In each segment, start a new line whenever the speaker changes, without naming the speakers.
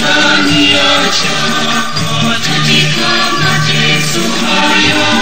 katika mioyo, katika mateso haya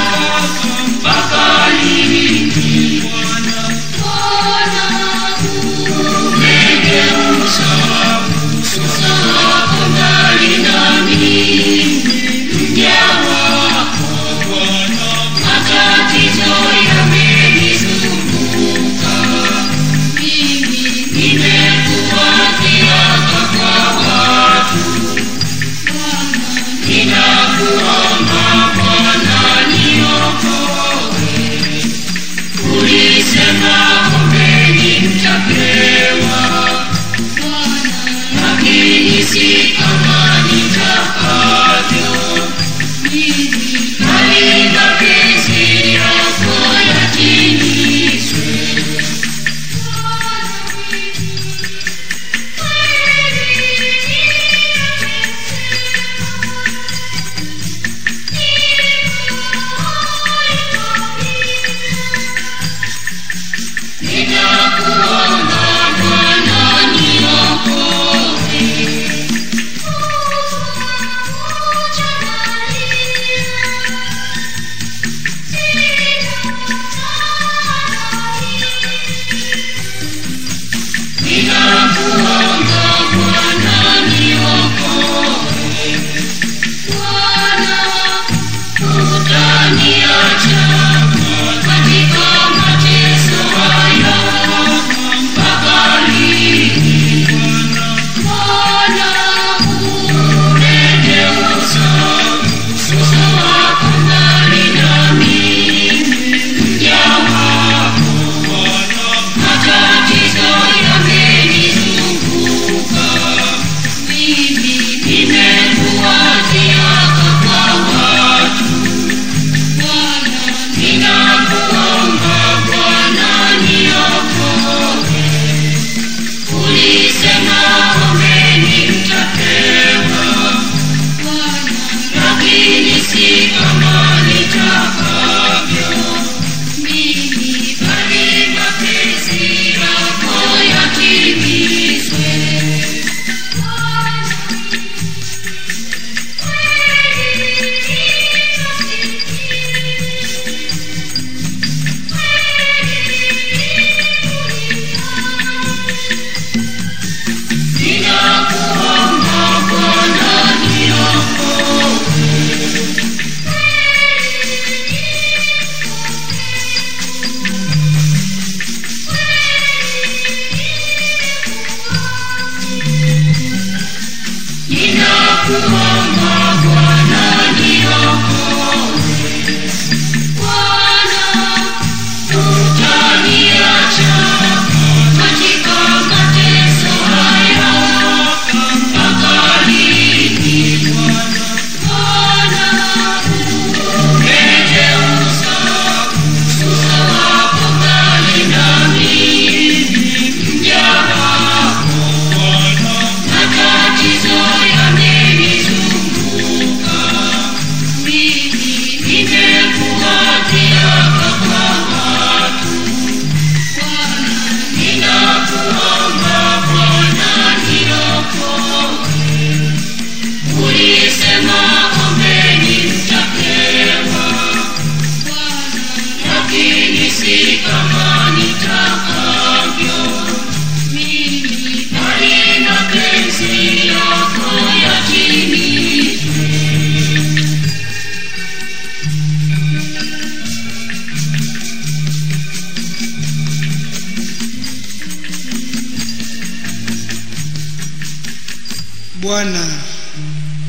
Bwana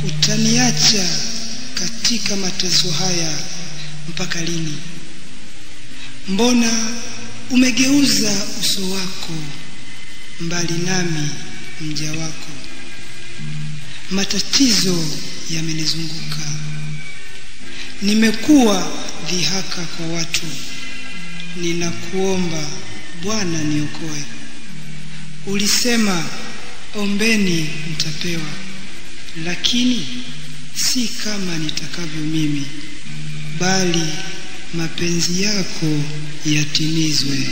utaniacha katika mateso haya mpaka lini? Mbona umegeuza uso wako mbali nami mja wako? Matatizo yamenizunguka, nimekuwa dhihaka kwa watu. Ninakuomba Bwana niokoe. Ulisema ombeni mtapewa, lakini si kama nitakavyo mimi, bali mapenzi yako yatimizwe.